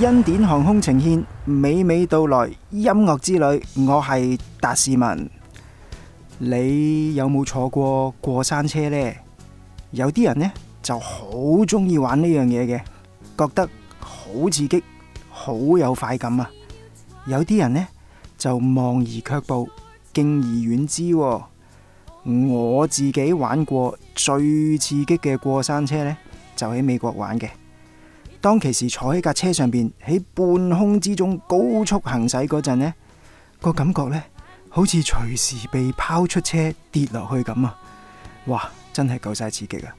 恩典航空呈現娓娓道來音樂之旅，我係達士文。你有冇坐過過山車呢？有啲人呢就好中意玩呢樣嘢嘅，覺得好刺激，好有快感啊！有啲人呢就望而卻步，敬而遠之，啊。我自己玩過最刺激嘅過山車呢，就喺美國玩嘅。當其時坐喺架車上邊，喺半空之中高速行駛嗰陣，呢個感覺呢好似隨時被拋出車跌落去咁啊！哇，真係夠晒刺激啊！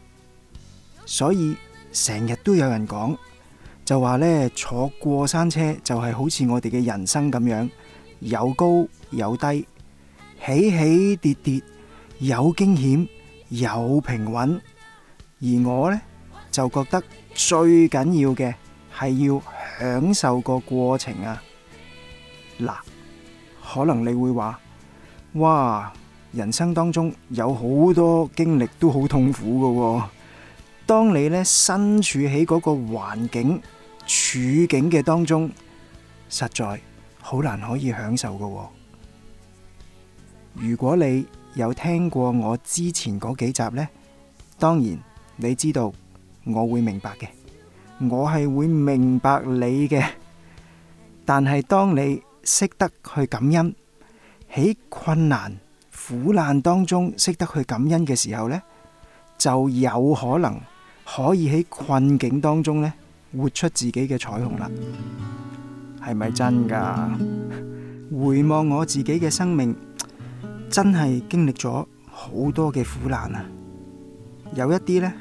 所以成日都有人講，就話呢，坐過山車就係好似我哋嘅人生咁樣，有高有低，起起跌跌，有驚險，有平穩，而我呢。就覺得最緊要嘅係要享受個過程啊。嗱，可能你會話，哇，人生當中有好多經歷都好痛苦㗎喎。當你呢身處喺嗰個環境處境嘅當中，實在好難可以享受㗎喎。如果你有聽過我之前嗰幾集呢，當然你知道。我會明白嘅，我係會明白你嘅。但係當你識得去感恩，喺困難苦難當中識得去感恩嘅時候呢，就有可能可以喺困境當中呢活出自己嘅彩虹啦。係咪真噶？回望我自己嘅生命，真係經歷咗好多嘅苦難啊！有一啲呢。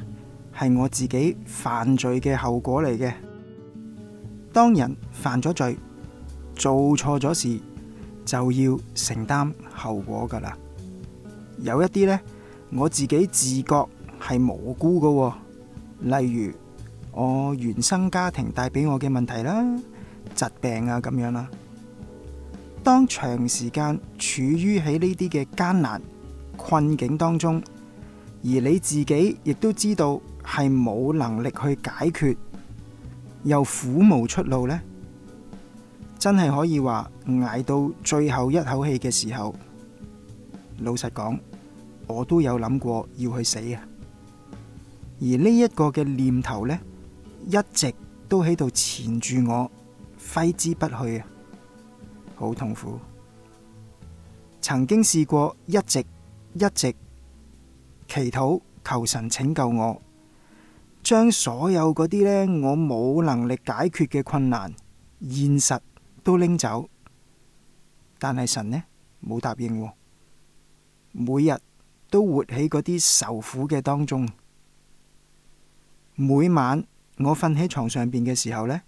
係我自己犯罪嘅後果嚟嘅。當人犯咗罪，做錯咗事，就要承擔後果噶啦。有一啲呢，我自己自覺係無辜噶喎，例如我原生家庭帶俾我嘅問題啦、疾病啊咁樣啦。當長時間處於喺呢啲嘅艱難困境當中，而你自己亦都知道。係冇能力去解決，又苦無出路呢？真係可以話捱到最後一口氣嘅時候，老實講，我都有諗過要去死啊！而呢一個嘅念頭呢，一直都喺度纏住我，揮之不去啊，好痛苦。曾經試過一直一直祈禱求神拯救我。將所有嗰啲呢，我冇能力解決嘅困難，現實都拎走，但係神呢，冇答應。每日都活喺嗰啲受苦嘅當中，每晚我瞓喺床上邊嘅時候呢，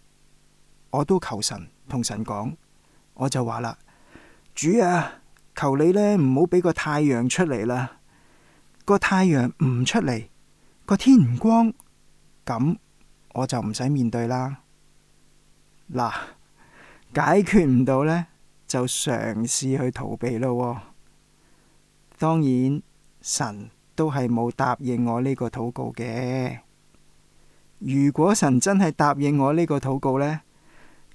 我都求神同神講，我就話啦：主啊，求你呢，唔好俾個太陽出嚟啦，個太陽唔出嚟，個天唔光。咁我就唔使面對啦。嗱，解決唔到呢，就嘗試去逃避咯。當然，神都係冇答應我呢個禱告嘅。如果神真係答應我呢個禱告呢，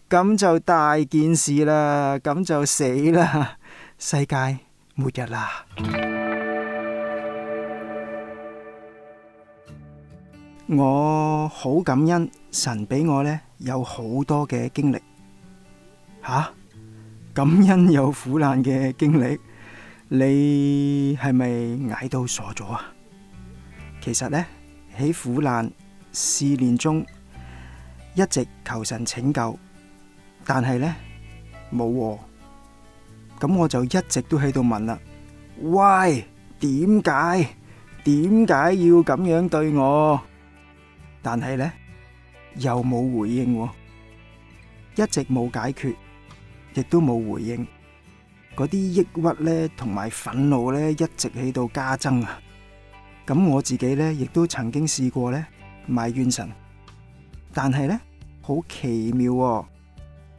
咁就大件事啦，咁就死啦，世界末日啦。我好感恩神俾我呢，有好多嘅經歷吓、啊，感恩有苦難嘅經歷，你係咪挨到傻咗啊？其實呢，喺苦難試煉中一直求神拯救，但係呢，冇咁我，我就一直都喺度問啦，喂，Why 點解？點解要咁樣對我？但係呢，又冇回應喎，一直冇解決，亦都冇回應。嗰啲抑鬱呢，同埋憤怒呢，一直喺度加增啊！咁我自己呢，亦都曾經試過呢埋怨神，但係呢，好奇妙喎！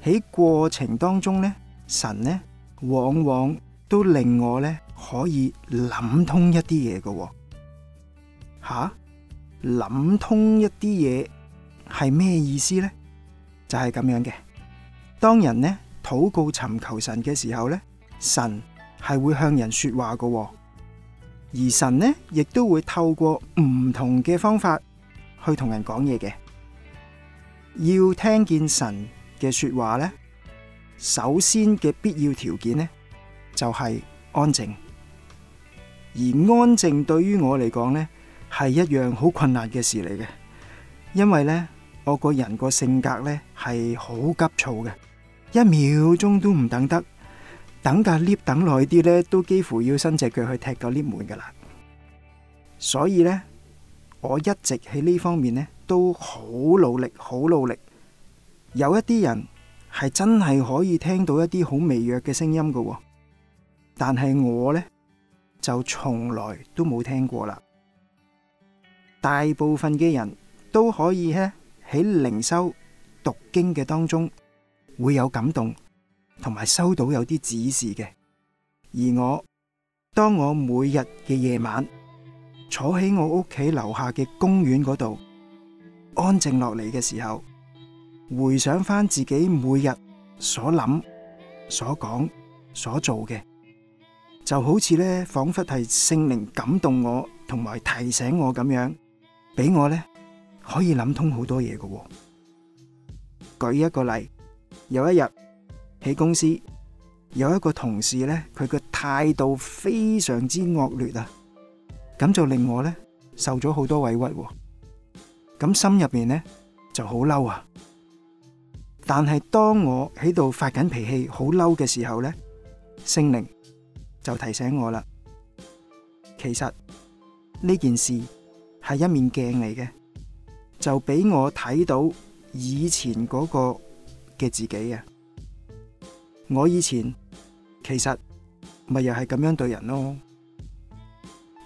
喺過程當中呢，神呢，往往都令我呢，可以諗通一啲嘢嘅吓。啊諗通一啲嘢係咩意思呢？就係咁樣嘅。當人呢，禱告尋求神嘅時候呢，神係會向人說話㗎，而神呢，亦都會透過唔同嘅方法去同人講嘢嘅。要聽見神嘅說話呢，首先嘅必要條件呢，就係安靜。而安靜對於我嚟講呢。係一樣好困難嘅事嚟嘅，因為呢，我個人個性格呢係好急躁嘅，一秒鐘都唔等得，等架 lift 等耐啲呢，都幾乎要伸隻腳去踢個 lift 門噶啦，所以呢，我一直喺呢方面呢都好努力，好努力。有一啲人係真係可以聽到一啲好微弱嘅聲音噶，但係我呢，就從來都冇聽過啦。大部分嘅人都可以呢喺靈修讀經嘅當中會有感動，同埋收到有啲指示嘅。而我當我每日嘅夜晚坐喺我屋企樓下嘅公園嗰度安靜落嚟嘅時候，回想翻自己每日所諗、所講、所做嘅，就好似呢，仿佛係聖靈感動我，同埋提醒我咁樣。俾我呢可以諗通好多嘢嘅，舉一個例，有一日喺公司有一個同事呢，佢嘅態度非常之惡劣啊，咁就令我呢受咗好多委屈，咁心入面呢就好嬲啊。但係當我喺度發緊脾氣、好嬲嘅時候呢，聖靈就提醒我啦，其實呢件事，係一面鏡嚟嘅，就俾我睇到以前嗰個嘅自己啊！我以前其實咪又係咁樣對人咯。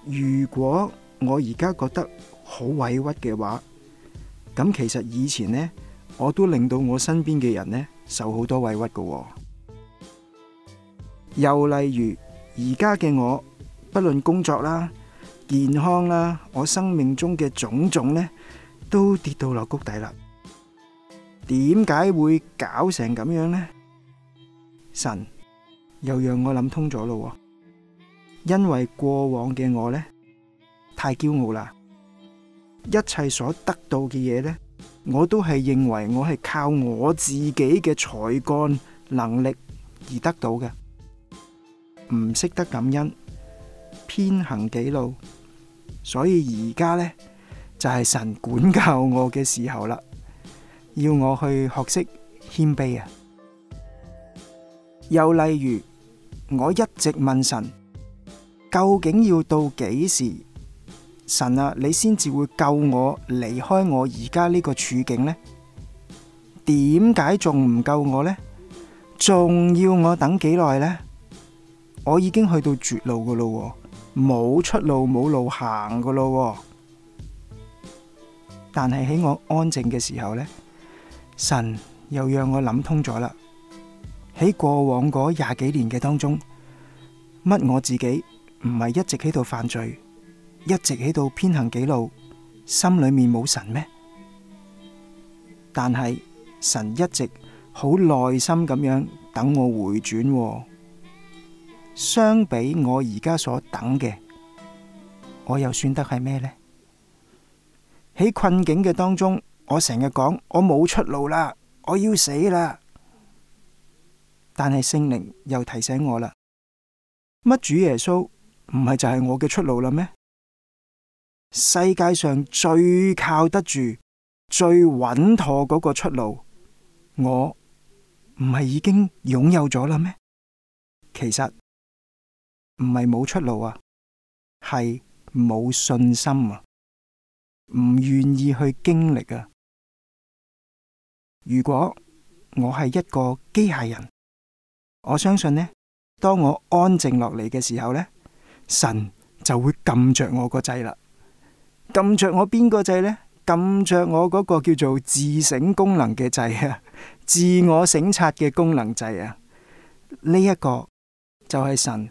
如果我而家覺得好委屈嘅話，咁其實以前呢，我都令到我身邊嘅人呢受好多委屈㗎。又例如而家嘅我，不論工作啦。健康啦，我生命中嘅種種呢，都跌到落谷底啦。點解會搞成咁樣呢？神又讓我諗通咗咯，因為過往嘅我呢太驕傲啦，一切所得到嘅嘢呢，我都係認為我係靠我自己嘅才幹能力而得到嘅，唔識得感恩，偏行己路。所以而家呢，就係神管教我嘅時候啦，要我去學識謙卑啊。又例如我一直問神，「究竟要到幾時，神啊，你先至會救我離開我而家呢個處境呢？點解仲唔救我呢？仲要我等幾耐呢？」我已經去到絕路噶咯，冇出路冇路行噶咯。但係喺我安靜嘅時候呢，神又讓我諗通咗啦。喺過往嗰廿幾年嘅當中，乜我自己唔係一直喺度犯罪，一直喺度偏行己路，心裏面冇神咩？但係神一直好耐心咁樣等我回轉。相比我而家所等嘅，我又算得係咩呢？喺困境嘅當中，我成日講我冇出路啦，我要死啦。但係聖靈又提醒我啦，乜主耶穌唔係就係我嘅出路啦咩？世界上最靠得住、最穩妥嗰個出路，我唔係已經擁有咗啦咩？其實。唔係冇出路啊，係冇信心啊，唔願意去經歷啊。如果我係一個機械人，我相信呢，當我安靜落嚟嘅時候呢，神就會撳着我個掣啦。撳着我邊個掣呢？撳着我嗰個叫做自省功能嘅掣啊，自我省察嘅功能掣啊，呢一個就係神。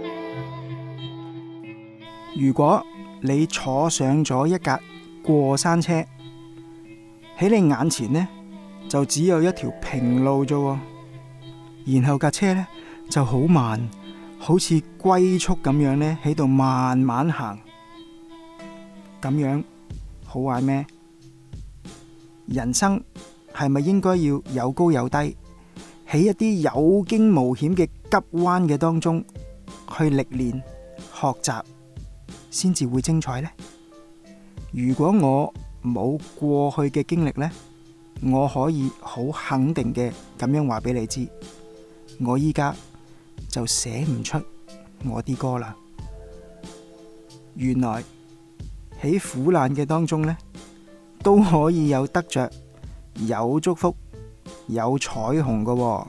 如果你坐上咗一架過山車，喺你眼前呢，就只有一條平路啫，然後架車呢，就好慢，好似龜速咁樣呢，喺度慢慢行，咁樣好壞咩？人生係咪應該要有高有低，喺一啲有驚無險嘅急彎嘅當中去歷練學習？先至會精彩呢。如果我冇過去嘅經歷呢，我可以好肯定嘅咁樣話俾你知，我依家就寫唔出我啲歌啦。原來喺苦難嘅當中呢，都可以有得着、有祝福、有彩虹㗎。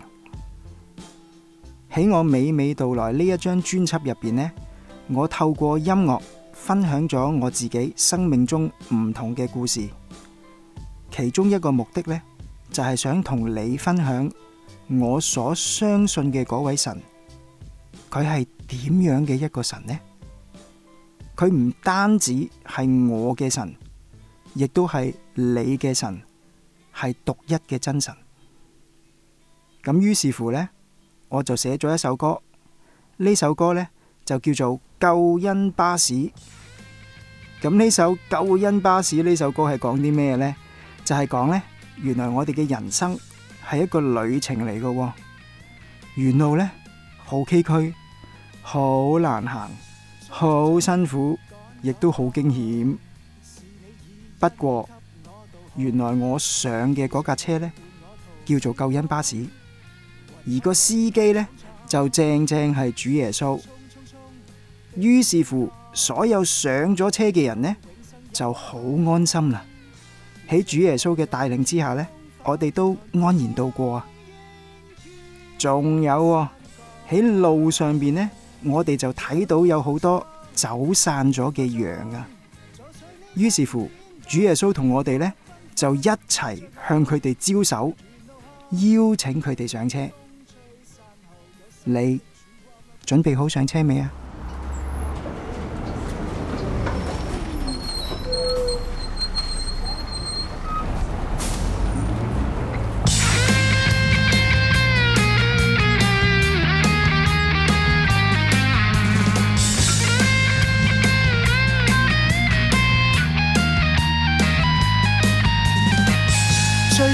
喺我娓娓道來呢一張專輯入邊呢。我透過音樂分享咗我自己生命中唔同嘅故事，其中一個目的呢，就係想同你分享我所相信嘅嗰位神，佢係點樣嘅一個神呢？佢唔單止係我嘅神，亦都係你嘅神，係獨一嘅真神。咁於是乎呢，我就寫咗一首歌，呢首歌呢。就叫做救恩巴士。咁呢首救恩巴士呢首歌係講啲咩咧？就係講咧，原來我哋嘅人生係一個旅程嚟嘅。沿路咧好崎嶇，好難行，好辛苦，亦都好驚險。不過原來我上嘅嗰架車咧叫做救恩巴士，而個司機咧就正正係主耶穌。於是乎，所有上咗車嘅人呢，就好安心啦。喺主耶穌嘅帶領之下呢，我哋都安然度過啊。仲有啊，喺路上邊呢，我哋就睇到有好多走散咗嘅羊啊。於是乎，主耶穌同我哋呢就一齊向佢哋招手，邀請佢哋上車。你準備好上車未啊？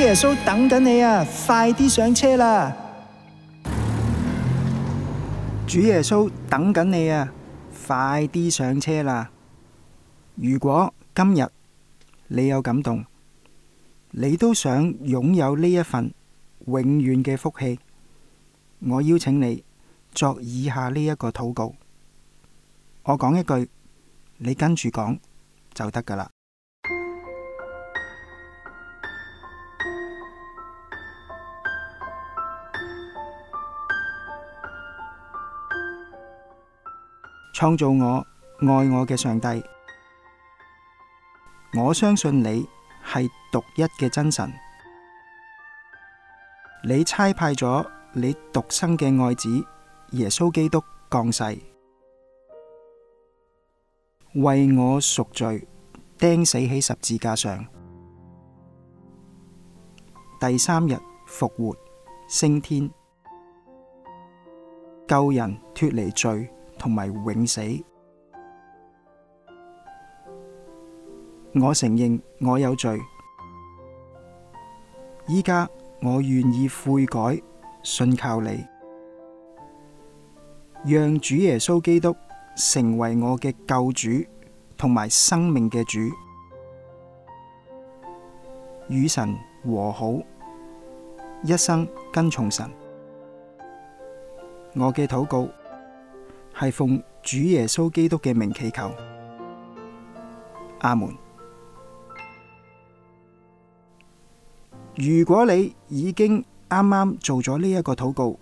耶穌等緊你啊，快啲上車啦！主耶穌等緊你啊，快啲上車啦！如果今日你有感動，你都想擁有呢一份永遠嘅福氣，我邀請你作以下呢一個禱告。我講一句，你跟住講就得噶啦。創造我愛我嘅上帝，我相信你係獨一嘅真神。你差派咗你獨生嘅愛子耶穌基督降世，為我贖罪，釘死喺十字架上，第三日復活升天，救人脫離罪。同埋永死，我承認我有罪，依家我願意悔改，信靠你，讓主耶穌基督成為我嘅救主，同埋生命嘅主，與神和好，一生跟從神，我嘅禱告。係奉主耶穌基督嘅名祈求，阿門。如果你已經啱啱做咗呢一個禱告，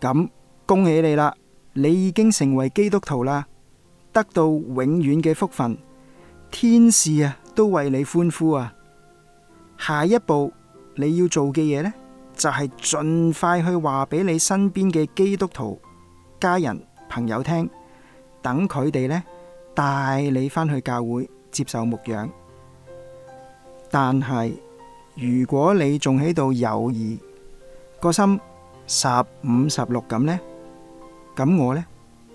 咁恭喜你啦！你已經成為基督徒啦，得到永遠嘅福分，天使啊都為你歡呼啊！下一步你要做嘅嘢呢，就係盡快去話俾你身邊嘅基督徒、家人。朋友聽，等佢哋呢，帶你返去教會接受牧養。但係如果你仲喺度猶豫，個心十五十六咁呢，咁我呢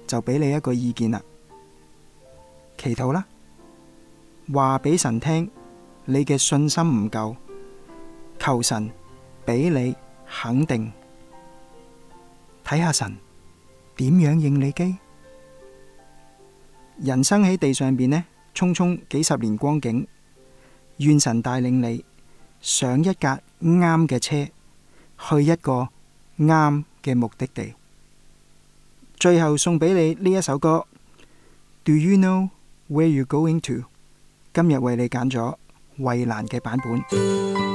就俾你一個意見啦。祈禱啦，話俾神聽，你嘅信心唔夠，求神俾你肯定，睇下神，點樣應你機？人生喺地上邊呢，匆匆幾十年光景，願神帶領你上一架啱嘅車，去一個啱嘅目的地。最後送俾你呢一首歌，Do you know where you're going to？今日為你揀咗衛蘭嘅版本。